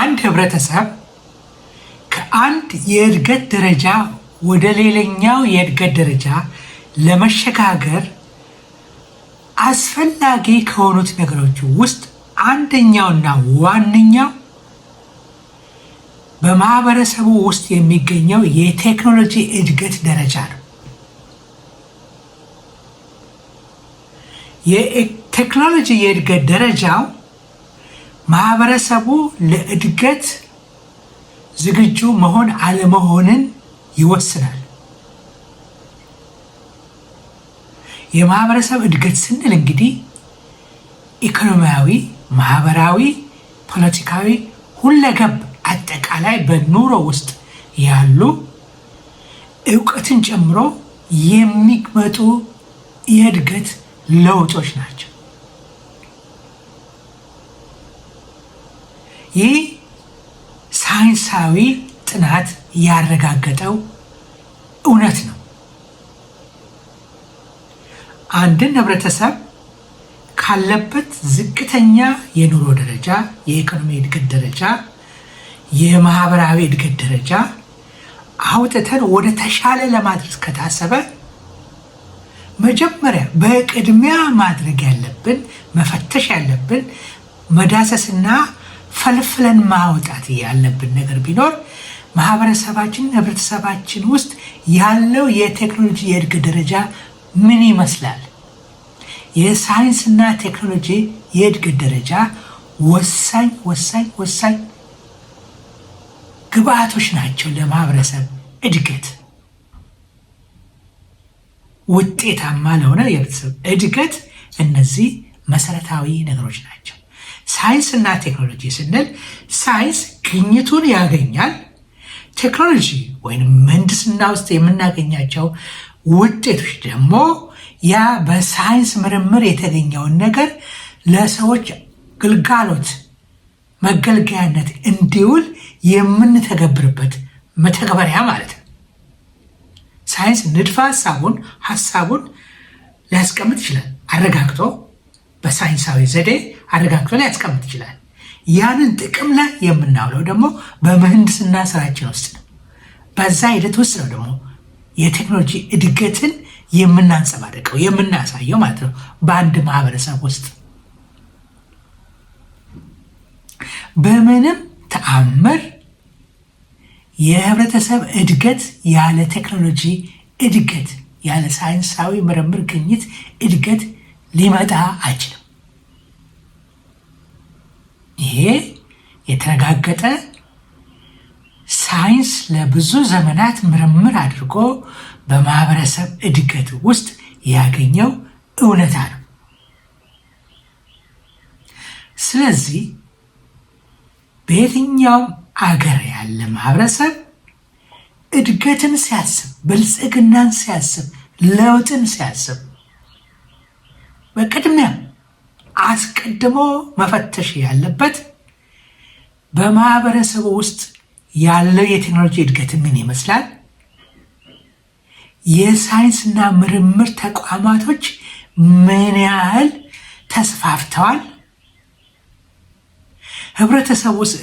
አንድ ህብረተሰብ ከአንድ የእድገት ደረጃ ወደ ሌላኛው የእድገት ደረጃ ለመሸጋገር አስፈላጊ ከሆኑት ነገሮች ውስጥ አንደኛውና ዋነኛው በማህበረሰቡ ውስጥ የሚገኘው የቴክኖሎጂ እድገት ደረጃ ነው። የቴክኖሎጂ የእድገት ደረጃው ማህበረሰቡ ለእድገት ዝግጁ መሆን አለመሆንን ይወስናል። የማህበረሰብ እድገት ስንል እንግዲህ ኢኮኖሚያዊ፣ ማህበራዊ፣ ፖለቲካዊ ሁለገብ አጠቃላይ በኑሮ ውስጥ ያሉ እውቀትን ጨምሮ የሚመጡ የእድገት ለውጦች ናቸው። ይህ ሳይንሳዊ ጥናት ያረጋገጠው እውነት ነው። አንድን ህብረተሰብ ካለበት ዝቅተኛ የኑሮ ደረጃ፣ የኢኮኖሚ እድገት ደረጃ፣ የማህበራዊ እድገት ደረጃ አውጥተን ወደ ተሻለ ለማድረስ ከታሰበ መጀመሪያ በቅድሚያ ማድረግ ያለብን መፈተሽ ያለብን መዳሰስና ፈልፍለን ማውጣት ያለብን ነገር ቢኖር ማህበረሰባችን፣ ህብረተሰባችን ውስጥ ያለው የቴክኖሎጂ የእድገት ደረጃ ምን ይመስላል? የሳይንስና ቴክኖሎጂ የእድገት ደረጃ ወሳኝ ወሳኝ ወሳኝ ግብአቶች ናቸው ለማህበረሰብ እድገት ውጤታማ ለሆነ የህብረተሰብ እድገት እነዚህ መሰረታዊ ነገሮች ናቸው። ሳይንስና ቴክኖሎጂ ስንል ሳይንስ ግኝቱን ያገኛል። ቴክኖሎጂ ወይም ምህንድስና ውስጥ የምናገኛቸው ውጤቶች ደግሞ ያ በሳይንስ ምርምር የተገኘውን ነገር ለሰዎች ግልጋሎት መገልገያነት እንዲውል የምንተገብርበት መተግበሪያ ማለት ነው። ሳይንስ ንድፈ ሀሳቡን ሀሳቡን ሊያስቀምጥ ይችላል አረጋግጦ በሳይንሳዊ ዘዴ አረጋግጠን ያስቀምጥ ይችላል። ያንን ጥቅም ላይ የምናውለው ደግሞ በምህንድስና ስራችን ውስጥ ነው። በዛ ሂደት ውስጥ ነው ደግሞ የቴክኖሎጂ እድገትን የምናንጸባርቀው የምናሳየው ማለት ነው። በአንድ ማህበረሰብ ውስጥ በምንም ተአምር የህብረተሰብ እድገት ያለ ቴክኖሎጂ እድገት ያለ ሳይንሳዊ ምርምር ግኝት እድገት ሊመጣ አይችልም። ይሄ የተረጋገጠ ሳይንስ ለብዙ ዘመናት ምርምር አድርጎ በማህበረሰብ እድገት ውስጥ ያገኘው እውነታ ነው። ስለዚህ በየትኛውም አገር ያለ ማህበረሰብ እድገትን ሲያስብ፣ ብልጽግናን ሲያስብ፣ ለውጥን ሲያስብ በቅድሚያ አስቀድሞ መፈተሽ ያለበት በማህበረሰቡ ውስጥ ያለው የቴክኖሎጂ እድገት ምን ይመስላል፣ የሳይንስና ምርምር ተቋማቶች ምን ያህል ተስፋፍተዋል፣ ህብረተሰብ ውስጥ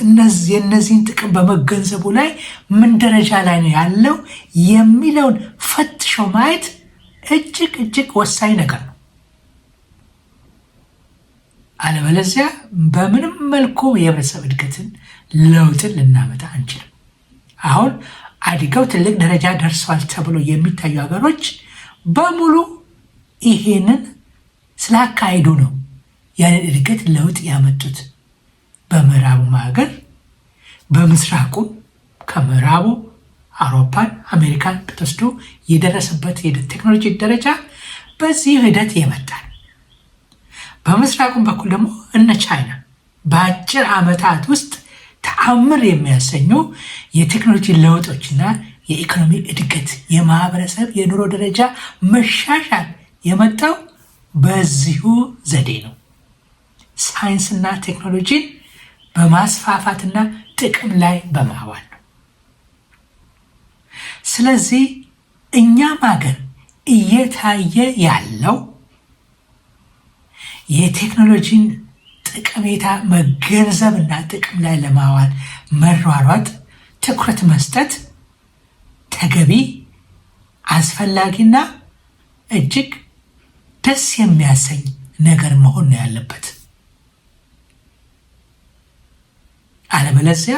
የእነዚህን ጥቅም በመገንዘቡ ላይ ምን ደረጃ ላይ ነው ያለው የሚለውን ፈትሾ ማየት እጅግ እጅግ ወሳኝ ነገር ነው። አለበለዚያ በምንም መልኩ የህብረተሰብ እድገትን ለውጥን ልናመጣ አንችልም። አሁን አድገው ትልቅ ደረጃ ደርሰዋል ተብሎ የሚታዩ ሀገሮች በሙሉ ይሄንን ስላካሄዱ ነው ያንን እድገት ለውጥ ያመጡት። በምዕራቡ ሀገር በምስራቁ ከምዕራቡ አውሮፓን አሜሪካን ብትወስዱ የደረሰበት ቴክኖሎጂ ደረጃ በዚህ ሂደት የመጣል በምስራቁም በኩል ደግሞ እነ ቻይና በአጭር ዓመታት ውስጥ ተአምር የሚያሰኙ የቴክኖሎጂ ለውጦችና የኢኮኖሚ እድገት፣ የማህበረሰብ የኑሮ ደረጃ መሻሻል የመጣው በዚሁ ዘዴ ነው። ሳይንስና ቴክኖሎጂን በማስፋፋትና ጥቅም ላይ በማዋል ነው። ስለዚህ እኛም ሀገር እየታየ ያለው የቴክኖሎጂን ጠቀሜታ መገንዘብ እና ጥቅም ላይ ለማዋል መሯሯጥ፣ ትኩረት መስጠት ተገቢ አስፈላጊና እጅግ ደስ የሚያሰኝ ነገር መሆን ነው ያለበት። አለበለዚያ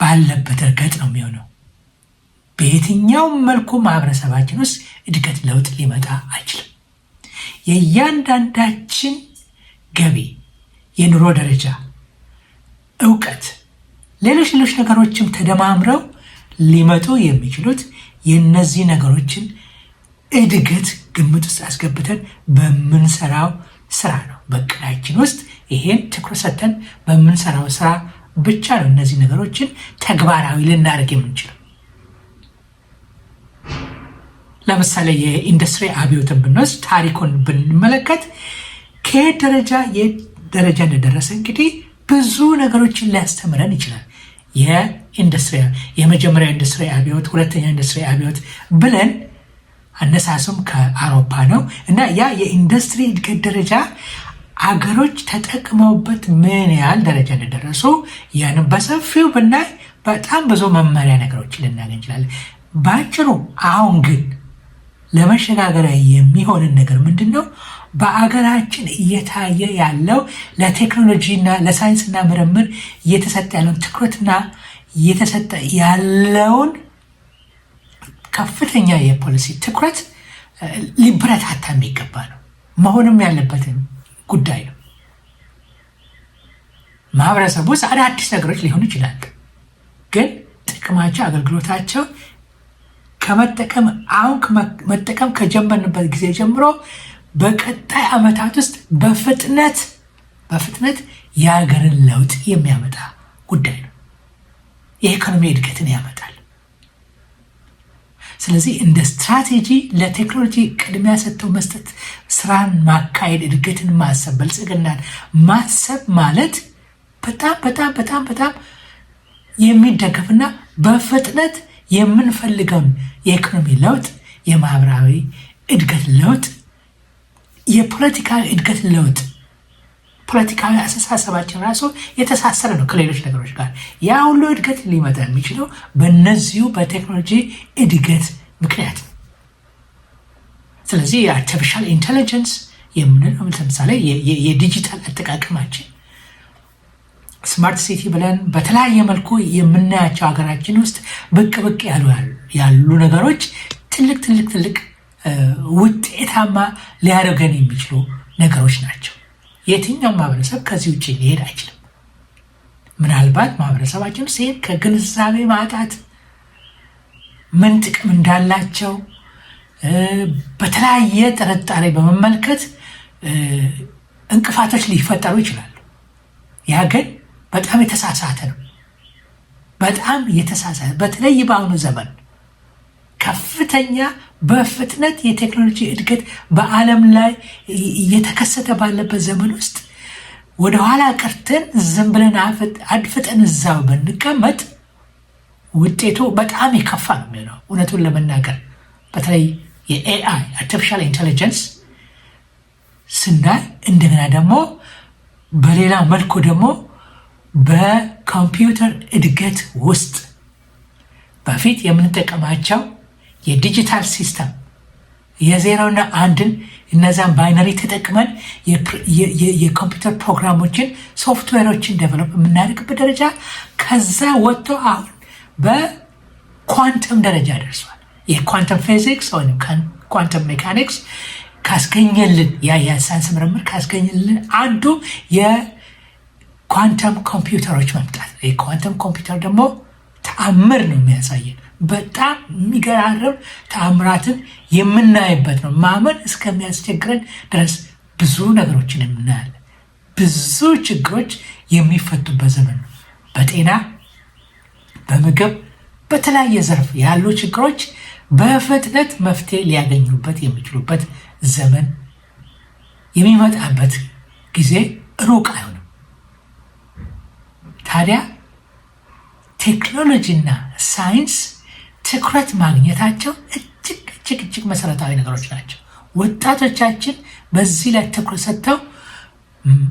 ባለበት እርገጥ ነው የሚሆነው። በየትኛውም መልኩ ማህበረሰባችን ውስጥ እድገት፣ ለውጥ ሊመጣ አይችልም። የእያንዳንዳችን ገቢ፣ የኑሮ ደረጃ፣ እውቀት፣ ሌሎች ሌሎች ነገሮችም ተደማምረው ሊመጡ የሚችሉት የእነዚህ ነገሮችን እድገት ግምት ውስጥ አስገብተን በምንሰራው ስራ ነው። በእቅዳችን ውስጥ ይሄን ትኩረት ሰጥተን በምንሰራው ስራ ብቻ ነው እነዚህ ነገሮችን ተግባራዊ ልናደርግ የምንችለው። ለምሳሌ የኢንዱስትሪ አብዮትን ብንወስድ ታሪኩን ብንመለከት ከየት ደረጃ የት ደረጃ እንደደረሰ እንግዲህ ብዙ ነገሮችን ሊያስተምረን ይችላል። የኢንዱስትሪ የመጀመሪያ ኢንዱስትሪ አብዮት፣ ሁለተኛ ኢንዱስትሪ አብዮት ብለን አነሳሱም ከአውሮፓ ነው እና ያ የኢንዱስትሪ እድገት ደረጃ አገሮች ተጠቅመውበት ምን ያህል ደረጃ እንደደረሱ ያንም በሰፊው ብናይ በጣም ብዙ መመሪያ ነገሮችን ልናገኝ እንችላለን። በአጭሩ አሁን ግን ለመሸጋገሪያ የሚሆንን ነገር ምንድን ነው? በአገራችን እየታየ ያለው ለቴክኖሎጂና ለሳይንስና ምርምር እየተሰጠ ያለውን ትኩረትና እየተሰጠ ያለውን ከፍተኛ የፖሊሲ ትኩረት ሊበረታታ የሚገባ ነው። መሆንም ያለበትን ጉዳይ ነው። ማህበረሰቡ ውስጥ አዳዲስ ነገሮች ሊሆኑ ይችላል፣ ግን ጥቅማቸው አገልግሎታቸው ከመጠቀም አሁን መጠቀም ከጀመርንበት ጊዜ ጀምሮ በቀጣይ ዓመታት ውስጥ በፍጥነት በፍጥነት የሀገርን ለውጥ የሚያመጣ ጉዳይ ነው። የኢኮኖሚ እድገትን ያመጣል። ስለዚህ እንደ ስትራቴጂ ለቴክኖሎጂ ቅድሚያ ሰጥተው መስጠት፣ ስራን ማካሄድ፣ እድገትን ማሰብ፣ ብልጽግናን ማሰብ ማለት በጣም በጣም በጣም በጣም የሚደገፍና በፍጥነት የምንፈልገውን የኢኮኖሚ ለውጥ፣ የማህበራዊ እድገት ለውጥ፣ የፖለቲካዊ እድገት ለውጥ ፖለቲካዊ አስተሳሰባችን ራሱ የተሳሰረ ነው ከሌሎች ነገሮች ጋር። ያ ሁሉ እድገት ሊመጣ የሚችለው በነዚሁ በቴክኖሎጂ እድገት ምክንያት ነው። ስለዚህ የአርቲፊሻል ኢንቴሊጀንስ የምንለው ለምሳሌ የዲጂታል አጠቃቀማችን ስማርት ሲቲ ብለን በተለያየ መልኩ የምናያቸው ሀገራችን ውስጥ ብቅ ብቅ ያሉ ያሉ ነገሮች ትልቅ ትልቅ ትልቅ ውጤታማ ሊያደርገን የሚችሉ ነገሮች ናቸው። የትኛውም ማህበረሰብ ከዚህ ውጭ ሊሄድ አይችልም። ምናልባት ማህበረሰባችን ሲሄድ ከግንዛቤ ማጣት ምን ጥቅም እንዳላቸው በተለያየ ጥርጣሬ በመመልከት እንቅፋቶች ሊፈጠሩ ይችላሉ። ያ ግን በጣም የተሳሳተ ነው። በጣም የተሳሳተ በተለይ በአሁኑ ዘመን ከፍተኛ በፍጥነት የቴክኖሎጂ እድገት በዓለም ላይ እየተከሰተ ባለበት ዘመን ውስጥ ወደኋላ ቀርተን ዝም ብለን አድፍጠን እዛው ብንቀመጥ ውጤቱ በጣም የከፋ ነው የሚሆነው። እውነቱን ለመናገር በተለይ የኤአይ አርቲፊሻል ኢንቴሊጀንስ ስናይ እንደገና ደግሞ በሌላ መልኩ ደግሞ በኮምፒውተር እድገት ውስጥ በፊት የምንጠቀማቸው የዲጂታል ሲስተም የዜሮና አንድን እነዛን ባይነሪ ተጠቅመን የኮምፒውተር ፕሮግራሞችን ሶፍትዌሮችን ደቨሎፕ የምናደርግበት ደረጃ ከዛ ወጥቶ አሁን በኳንተም ደረጃ ደርሷል። የኳንተም ፊዚክስ ወይም ኳንተም ሜካኒክስ ካስገኘልን ያ የሳይንስ ምርምር ካስገኘልን አንዱ ኳንተም ኮምፒውተሮች መምጣት። ኳንተም ኮምፒውተር ደግሞ ተአምር ነው የሚያሳየን። በጣም የሚገራርም ተአምራትን የምናይበት ነው። ማመን እስከሚያስቸግረን ድረስ ብዙ ነገሮችን የምናያለን። ብዙ ችግሮች የሚፈቱበት ዘመን ነው። በጤና፣ በምግብ፣ በተለያየ ዘርፍ ያሉ ችግሮች በፍጥነት መፍትሄ ሊያገኙበት የሚችሉበት ዘመን የሚመጣበት ጊዜ ሩቅ አይሆንም። ታዲያ ቴክኖሎጂና ሳይንስ ትኩረት ማግኘታቸው እጅግ እጅግ እጅግ መሰረታዊ ነገሮች ናቸው። ወጣቶቻችን በዚህ ላይ ትኩረት ሰጥተው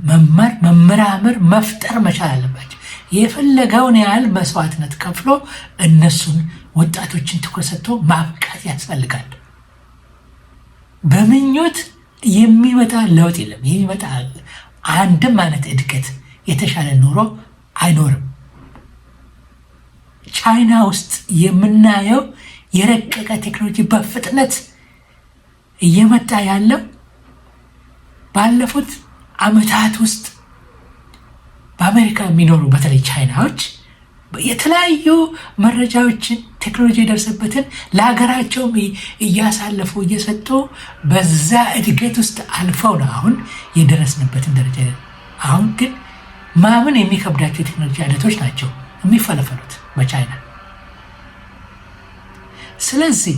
መማር፣ መመራመር፣ መፍጠር መቻል አለባቸው። የፈለገውን ያህል መስዋዕትነት ከፍሎ እነሱን ወጣቶችን ትኩረት ሰጥቶ ማብቃት ያስፈልጋል። በምኞት የሚመጣ ለውጥ የለም። የሚመጣ አንድም አይነት እድገት የተሻለ ኑሮ አይኖርም። ቻይና ውስጥ የምናየው የረቀቀ ቴክኖሎጂ በፍጥነት እየመጣ ያለው ባለፉት ዓመታት ውስጥ በአሜሪካ የሚኖሩ በተለይ ቻይናዎች የተለያዩ መረጃዎችን ቴክኖሎጂ የደረሰበትን ለሀገራቸውም እያሳለፉ እየሰጡ በዛ እድገት ውስጥ አልፈው ነው አሁን የደረስንበትን ደረጃ። አሁን ግን ማመን የሚከብዳቸው የቴክኖሎጂ አይነቶች ናቸው የሚፈለፈሉት በቻይና። ስለዚህ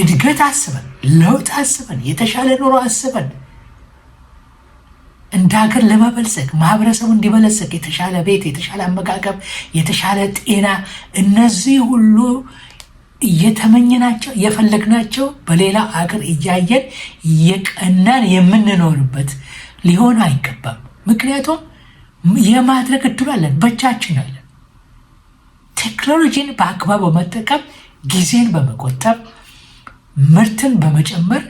እድገት አስበን ለውጥ አስበን የተሻለ ኑሮ አስበን እንደ ሀገር ለመበልጸግ ማህበረሰቡ እንዲበለጸግ የተሻለ ቤት፣ የተሻለ አመጋገብ፣ የተሻለ ጤና፣ እነዚህ ሁሉ እየተመኘናቸው እየፈለግናቸው በሌላ ሀገር እያየን የቀናን የምንኖርበት ሊሆን አይገባም። ምክንያቱም የማድረግ እድሉ አለን፣ በእጃችን አለን። ቴክኖሎጂን በአግባብ በመጠቀም ጊዜን በመቆጠብ ምርትን በመጨመር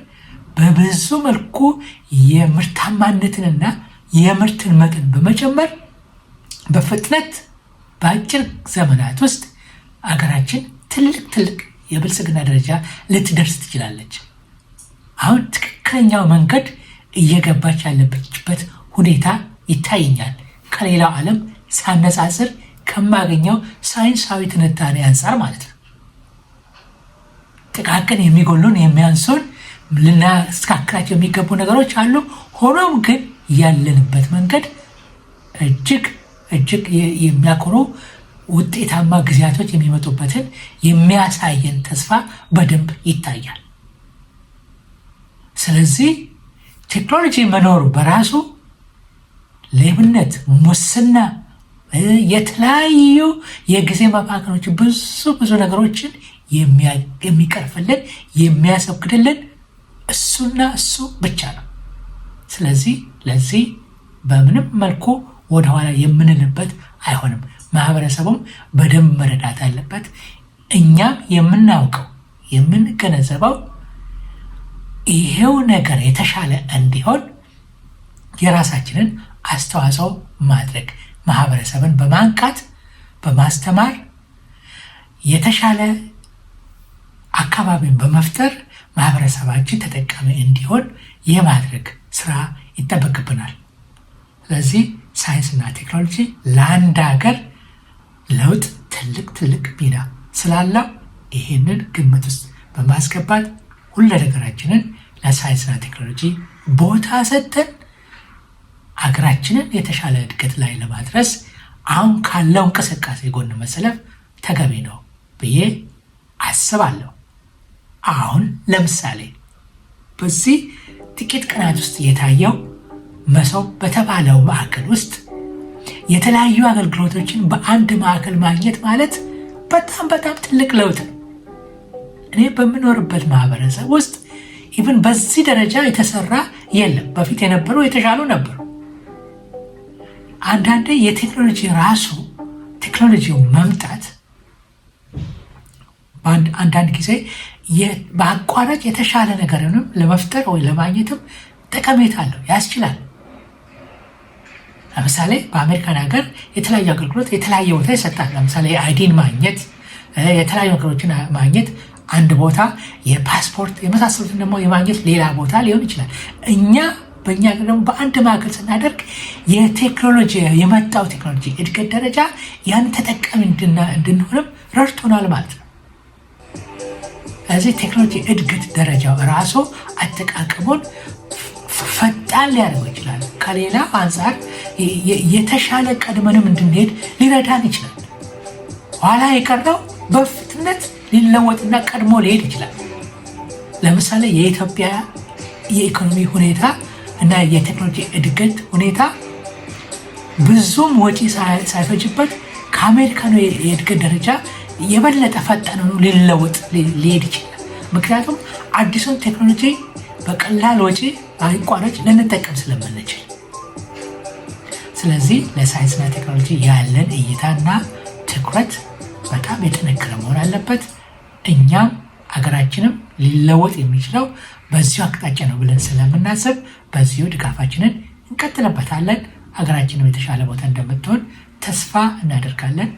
በብዙ መልኩ የምርታማነትንና የምርትን መጠን በመጨመር በፍጥነት በአጭር ዘመናት ውስጥ አገራችን ትልቅ ትልቅ የብልጽግና ደረጃ ልትደርስ ትችላለች። አሁን ትክክለኛው መንገድ እየገባች ያለበችበት ሁኔታ ይታየኛል። ከሌላ ዓለም ሲያነጻጽር ከማገኘው ሳይንሳዊ ትንታኔ አንጻር ማለት ነው። ጥቃቅን የሚጎሉን የሚያንሱን ልናስተካክላቸው የሚገቡ ነገሮች አሉ። ሆኖም ግን ያለንበት መንገድ እጅግ እጅግ የሚያኮሩ ውጤታማ ጊዜያቶች የሚመጡበትን የሚያሳየን ተስፋ በደንብ ይታያል። ስለዚህ ቴክኖሎጂ መኖሩ በራሱ ሌብነት፣ ሙስና፣ የተለያዩ የጊዜ መባከኖች ብዙ ብዙ ነገሮችን የሚቀርፍልን የሚያሰብክድልን እሱና እሱ ብቻ ነው። ስለዚህ ለዚህ በምንም መልኩ ወደኋላ የምንልበት አይሆንም። ማህበረሰቡም በደንብ መረዳት አለበት። እኛም የምናውቀው የምንገነዘበው ይሄው ነገር የተሻለ እንዲሆን የራሳችንን አስተዋጽኦ ማድረግ ማህበረሰብን በማንቃት በማስተማር የተሻለ አካባቢን በመፍጠር ማህበረሰባችን ተጠቃሚ እንዲሆን የማድረግ ስራ ይጠበቅብናል። ስለዚህ ሳይንስና ቴክኖሎጂ ለአንድ ሀገር ለውጥ ትልቅ ትልቅ ሚና ስላለው ይህንን ግምት ውስጥ በማስገባት ሁለ ነገራችንን ለሳይንስና ቴክኖሎጂ ቦታ ሰጥተን ሀገራችንን የተሻለ እድገት ላይ ለማድረስ አሁን ካለው እንቅስቃሴ ጎን መሰለፍ ተገቢ ነው ብዬ አስባለሁ። አሁን ለምሳሌ በዚህ ጥቂት ቀናት ውስጥ የታየው መሶብ በተባለው ማዕከል ውስጥ የተለያዩ አገልግሎቶችን በአንድ ማዕከል ማግኘት ማለት በጣም በጣም ትልቅ ለውጥ ነው። እኔ በምኖርበት ማህበረሰብ ውስጥ ኢቭን በዚህ ደረጃ የተሰራ የለም። በፊት የነበሩ የተሻሉ ነበሩ። አንዳንዴ የቴክኖሎጂ ራሱ ቴክኖሎጂው መምጣት አንዳንድ ጊዜ በአቋራጭ የተሻለ ነገርንም ለመፍጠር ወይ ለማግኘትም ጠቀሜታ አለው ያስችላል። ለምሳሌ በአሜሪካን ሀገር የተለያዩ አገልግሎት የተለያየ ቦታ ይሰጣል። ለምሳሌ የአይዲን ማግኘት የተለያዩ ነገሮችን ማግኘት አንድ ቦታ የፓስፖርት የመሳሰሉትን ደግሞ የማግኘት ሌላ ቦታ ሊሆን ይችላል። እኛ በእኛ ሀገር ደግሞ በአንድ ማዕከል ስናደርግ የቴክኖሎጂ የመጣው ቴክኖሎጂ እድገት ደረጃ ያን ተጠቃሚ እንድንሆንም ረድቶናል ማለት ነው። እዚህ ቴክኖሎጂ እድገት ደረጃው ራሱ አጠቃቀሙን ፈጣን ሊያደርገው ይችላል። ከሌላ አንጻር የተሻለ ቀድመንም እንድንሄድ ሊረዳን ይችላል። ኋላ የቀረው በፍጥነት ሊለወጥና ቀድሞ ሊሄድ ይችላል። ለምሳሌ የኢትዮጵያ የኢኮኖሚ ሁኔታ እና የቴክኖሎጂ እድገት ሁኔታ ብዙም ወጪ ሳይፈጅበት ነው የእድገት ደረጃ የበለጠ ነው ሊለወጥ ሊሄድ ይችላል። ምክንያቱም አዲሱን ቴክኖሎጂ በቀላል ወጪ አይቋረጭ ልንጠቀም ስለምንችል፣ ስለዚህ ለሳይንስና ቴክኖሎጂ ያለን እይታና ትኩረት በጣም የጠነከረ መሆን አለበት። እኛም ሀገራችንም ሊለወጥ የሚችለው በዚሁ አቅጣጫ ነው ብለን ስለምናስብ በዚሁ ድጋፋችንን እንቀጥልበታለን። ሀገራችንም የተሻለ ቦታ እንደምትሆን ተስፋ እናደርጋለን።